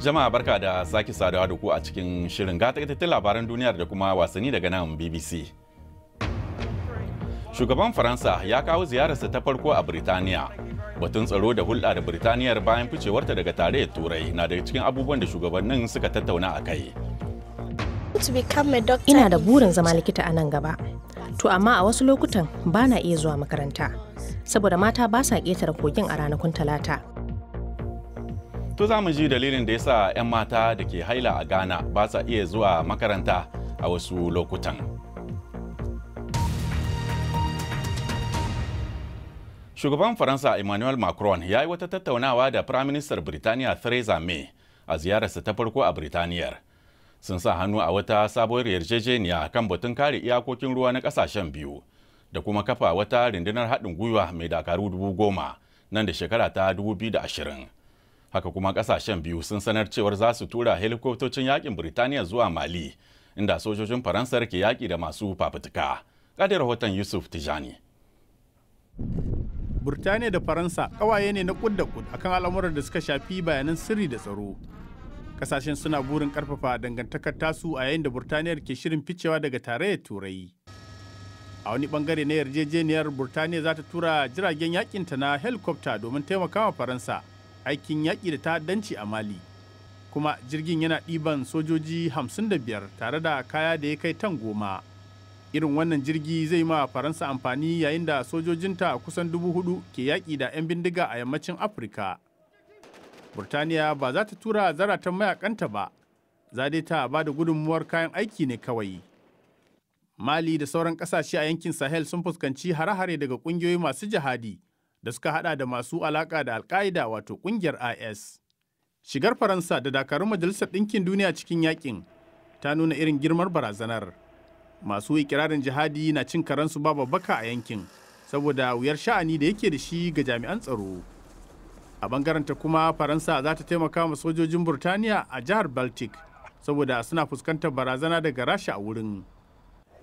Jama'a barka da sake saduwa da ku a cikin shirin gatagatun labaran duniya da kuma wasanni daga nan BBC. Shugaban Faransa ya kawo ziyararsa ta farko a Birtaniya. Batun tsaro da hulɗa da Birtaniyar bayan ficewarta daga tarayyar Turai na daga cikin abubuwan da shugabannin suka tattauna a kai. Ina da burin zama likita a nan gaba. To amma a wasu lokutan ba na iya zuwa makaranta, saboda mata ba sa ƙetare kogin a ranakun talata. To za mu ji dalilin da yasa 'yan mata da ke haila a Ghana ba sa iya zuwa makaranta a wasu lokutan. Shugaban Faransa Emmanuel Macron ya yi wata tattaunawa da Firaministar Birtaniya Theresa May a ziyararsa ta farko a Birtaniyar. Sun sa hannu a wata sabuwar yarjejeniya kan batun kare iyakokin ruwa na kasashen biyu da kuma kafa wata rundunar haɗin gwiwa mai dakaru dubu goma nan da shekara ta ashirin. haka kuma kasashen biyu sun sanar cewar za su tura helikoftocin yakin birtaniya zuwa mali inda sojojin faransar ke yaki da masu fafutuka ƙadar rahoton yusuf tijani burtaniya da faransa ƙawaye ne na kud da kud akan al'amuran da suka shafi bayanan sirri da tsaro kasashen suna burin karfafa dangantakar tasu a yayin da burtaniyar ke shirin ficewa daga tarayyar turai a wani bangare na yarjejeniyar burtaniya za ta tura jiragen yakinta na helikwafta domin taimakawa faransa aikin yaƙi da ta'addanci a Mali. Kuma jirgin yana ɗiban sojoji 55 tare da kaya da ya kai tan goma. Irin wannan jirgi zai ma Faransa amfani yayin da sojojinta kusan dubu hudu ke yaƙi da 'yan bindiga a yammacin Afirka. Burtaniya ba za ta tura zaratan mayakanta ba, za dai ta ba da gudunmuwar kayan aiki ne kawai. Mali da sauran ƙasashe a yankin Sahel sun fuskanci hare-hare daga ƙungiyoyi masu jihadi. da suka hada da masu alaka da alka'ida wato kungiyar is shigar faransa da dakarun majalisar ɗinkin duniya cikin yakin ta nuna irin girmar barazanar masu ikirarin jihadi na cin karansu ba babbaka a yankin saboda wuyar sha'ani da yake da shi ga jami'an tsaro a bangaren ta kuma faransa za ta taimaka ma sojojin burtaniya a jihar baltic saboda suna fuskantar barazana daga rasha a wurin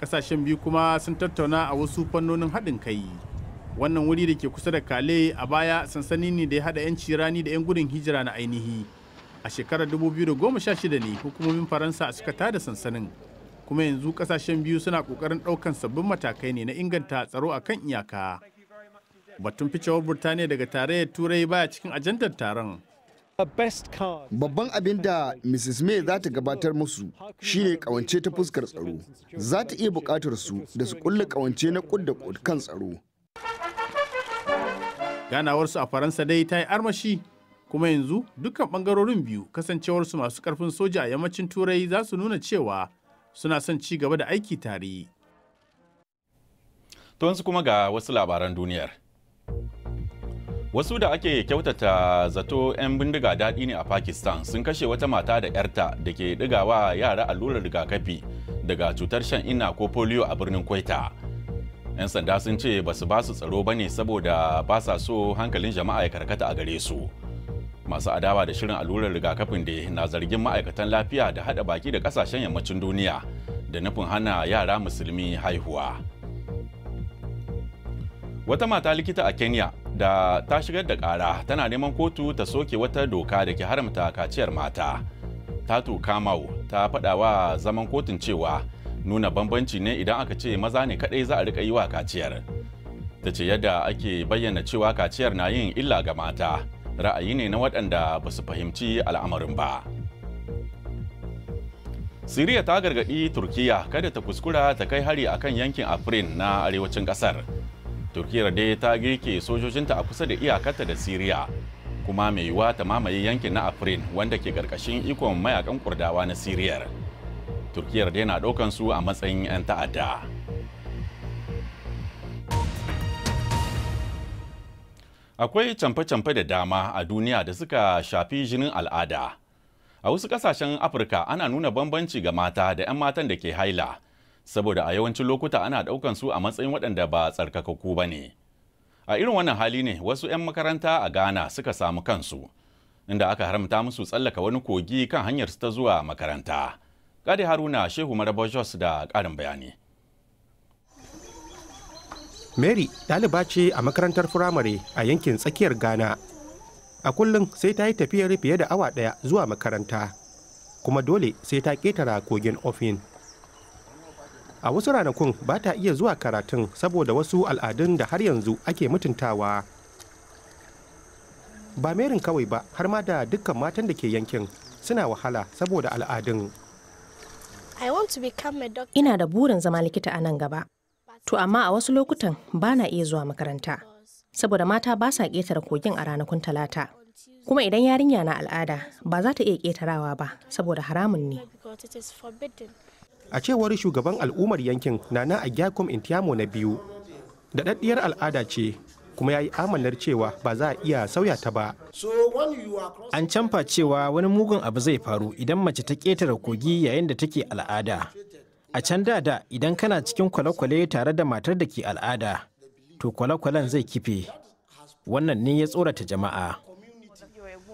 kasashen biyu kuma sun tattauna a wasu fannonin haɗin kai. wannan wuri da ke kusa da kale a baya sansani ne da ya haɗa 'yanci rani da 'yan gudun hijira na ainihi a shekarar 2016 ne hukumomin faransa suka tada sansanin kuma yanzu kasashen biyu suna kokarin daukan sabbin matakai ne na inganta tsaro a kan iyaka batun ficewar burtaniya daga tarayyar turai baya cikin ajandar taron Babban abin da Mrs. May za ta gabatar musu shine kawance ta fuskar tsaro. Za ta iya bukatar su da su kulle kawance na kud kan tsaro. ganawarsu a faransa dai ta yi armashi kuma yanzu dukkan bangarorin biyu kasancewarsu masu karfin soja a yammacin turai za su nuna cewa suna son ci gaba da aiki tare to kuma ga wasu labaran duniyar wasu da ake kyautata zato 'yan bindiga daɗi ne a pakistan sun kashe wata mata da 'yarta da ke ɗigawa yara allurar rigakafi daga cutar shan inna ko polio a birnin kwaita 'yan sanda sun ce ba su ba su tsaro ba ne saboda ba sa so hankalin jama'a ya karkata a gare su masu adawa da shirin allurar rigakafin da na zargin ma'aikatan lafiya da hada baki da kasashen yammacin duniya da nufin hana yara musulmi haihuwa wata mata likita a kenya da ta shigar da kara tana neman kotu ta soke wata doka da ke haramta kaciyar mata tatu kamau ta wa zaman kotun cewa nuna bambanci ne idan aka ce maza ne kadai za a rika yi wa kaciyar ta ce yadda ake bayyana cewa kaciyar na yin illa ga mata ra'ayi ne na waɗanda ba su fahimci al'amarin ba siriya ta gargaɗi turkiya kada ta kuskura ta kai hari a kan yankin afrin na arewacin ƙasar turkiyar dai ta girke sojojinta a kusa da iyakarta da siriya kuma mai yiwuwa ta mamaye yankin na afrin wanda ke ƙarƙashin ikon mayakan kurdawa na siriyar turkiyar da yana ɗaukan su a matsayin 'yan ta'adda akwai camfe-camfe da dama a duniya da suka shafi jinin al'ada a wasu ƙasashen afirka ana nuna bambanci ga mata da 'yan matan da ke haila saboda a yawancin lokuta ana ɗaukan su a matsayin waɗanda ba tsarkakakku ba ne a irin wannan hali ne wasu 'yan makaranta a ghana suka samu kansu inda aka haramta musu tsallaka wani kogi kan hanyar su ta zuwa makaranta Gadi Haruna Shehu Maraba Jos da ƙarin bayani. Mary ɗaliba ce a makarantar firamare a yankin tsakiyar Ghana. A kullum sai ta yi tafiyar fiye da awa ɗaya zuwa makaranta, kuma dole sai ta ƙetara kogin Ofin. A wasu ranakun ba ta iya zuwa karatun saboda wasu al'adun da har yanzu ake mutuntawa. Ba merin kawai ba har ma da dukkan matan da ke yankin suna wahala saboda al'adun. Ina da burin zama likita a nan gaba. To amma a wasu lokutan ba na iya zuwa makaranta, saboda mata ba sa ƙetare kogin a ranakun talata. Kuma idan yarinya na al'ada ba za ta iya ƙetarawa ba saboda haramun ne. A cewar shugaban al'ummar yankin Nana Agyakum Intiamo na biyu, daɗaɗɗiyar al'ada ce kuma ya yi amanar cewa ba za a iya sauya ta ba. An canfa cewa wani mugun abu zai faru idan mace ta ƙetare kogi yayin da take al'ada. A can da da idan kana cikin kwale-kwale tare da matar da ke al'ada, to kwale-kwalen zai kife. Wannan ne ya tsorata jama'a.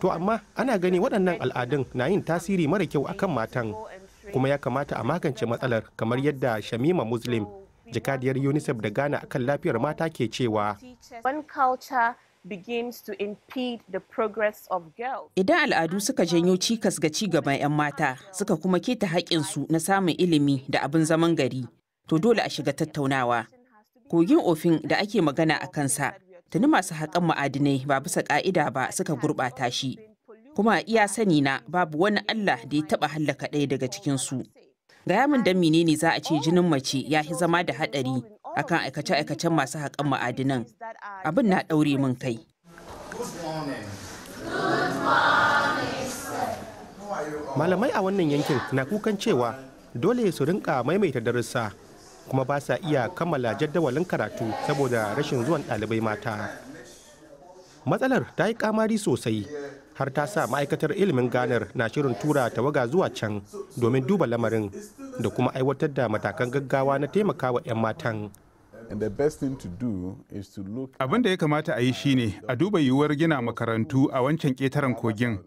To amma ana gani waɗannan al'adun na yin tasiri mara kyau akan matan, kuma ya kamata a magance matsalar kamar yadda Shamima Muslim jakadiyar unicef da ghana akan lafiyar mata ke cewa Idan al'adu suka janyo cikas ga ci gaban 'yan mata suka kuma keta haƙƙinsu na samun ilimi da abin zaman gari, to dole a shiga tattaunawa. Kogin ofin da ake magana a kansa, tuni masu haƙan ma'adinai ba bisa ƙa'ida ba suka gurɓata shi. Kuma a iya sani na babu wani Allah da ya taɓa hallaka ɗaya daga cikinsu. Gaya min dan menene za a ce jinin mace ya fi zama da haɗari akan aikace-aikacen masu haƙan ma'adinan. Abin na ɗaure min kai. Malamai a wannan yankin na kukan cewa dole su rinka maimaita darussa kuma ba sa iya kammala jadawalin karatu saboda rashin zuwan ɗalibai mata. Matsalar ta yi kamari sosai har ta sa ma'aikatar ilimin ganar na shirin tura tawaga zuwa can domin duba lamarin da kuma aiwatar da matakan gaggawa na taimakawa 'yan matan abin da ya kamata a yi shine a duba yiwuwar gina makarantu a wancan ƙetaren kogin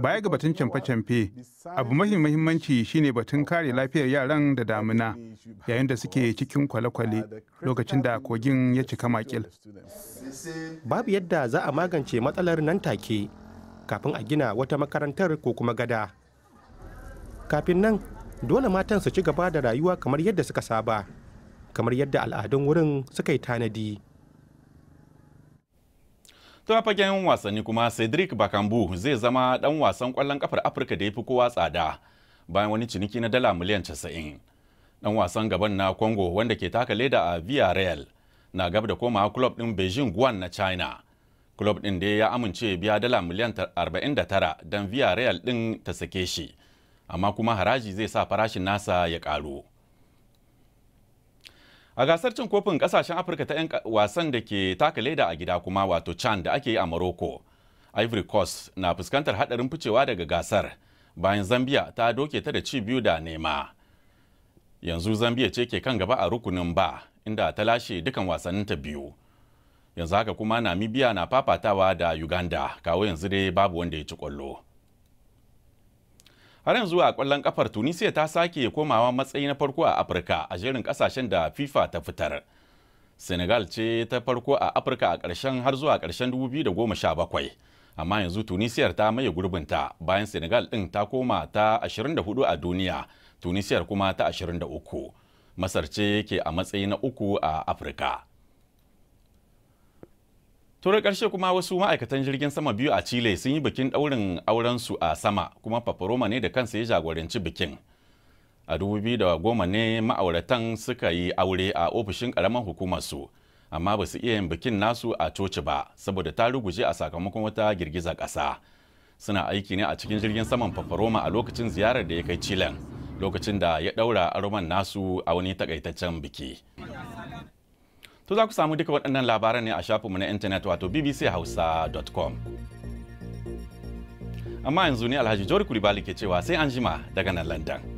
baya ga batun camfe-camfe abu mafi mahimmanci shine batun kare lafiyar yaran da damina yayin da suke cikin kwale-kwale lokacin da kogin ya cika makil babu yadda za a magance matsalar nan take kafin a gina wata makarantar ko kuma gada kafin nan dole matan su ci gaba da rayuwa kamar yadda suka saba kamar yadda al'adun wurin suka yi tanadi ta fagen wasanni kuma cedric bakambu zai zama ɗan wasan ƙwallon ƙafar afirka da ya fi kowa tsada bayan wani ciniki na dala miliyan 90 ɗan wasan gaban na congo wanda ke taka leda a villarreal na gab da komawa club din beijing guan na china Club din da ya amince biya dala miliyan 49 don real din ta sake shi, amma kuma haraji zai sa farashin nasa ya karu. A gasar cin kofin kasashen Afirka ta 'yan wasan da ke taka leda a gida kuma wato Chan da ake yi a Morocco. Ivory Coast na fuskantar hadarin ficewa daga gasar bayan Zambia ta doke ta da ci biyu da nema. Yanzu Zambia ce ke kan gaba a rukunin ba inda ta lashe dukan wasanninta biyu. yanzu haka kuma namibia na fafatawa da uganda kawo yanzu dai babu wanda ya ci kwallo har yanzu a kwallon kafar tunisia ta sake komawa matsayi na farko a afirka a jerin kasashen da fifa ta fitar senegal ce ta farko a afirka a karshen har zuwa ƙarshen 2017 amma yanzu tunisiyar ta maye gurbinta bayan senegal ɗin ta koma ta 24 a duniya tunisiyar kuma ta 23 masar ce ke a matsayi na uku a afirka turar ƙarshe kuma wasu ma'aikatan jirgin sama biyu a chile sun yi bikin ɗaurin aurensu a sama kuma paparoma ne da kansa ya jagoranci bikin a 2010 ne ma'auratan suka yi aure a ofishin ƙaramin su amma ba su iya yin bikin nasu a coci ba saboda ta ruguje a sakamakon wata girgizar ƙasa suna aiki ne a cikin jirgin saman paparoma a lokacin ziyarar da ya kai chilen lokacin da ya ɗaura aroman nasu a wani takaitaccen biki To za ku samu duka waɗannan labaran ne a shafinmu na intanet wato bbchausa.com. Amma yanzu ne Alhaji Jori Kulibali ke cewa sai an jima daga nan London.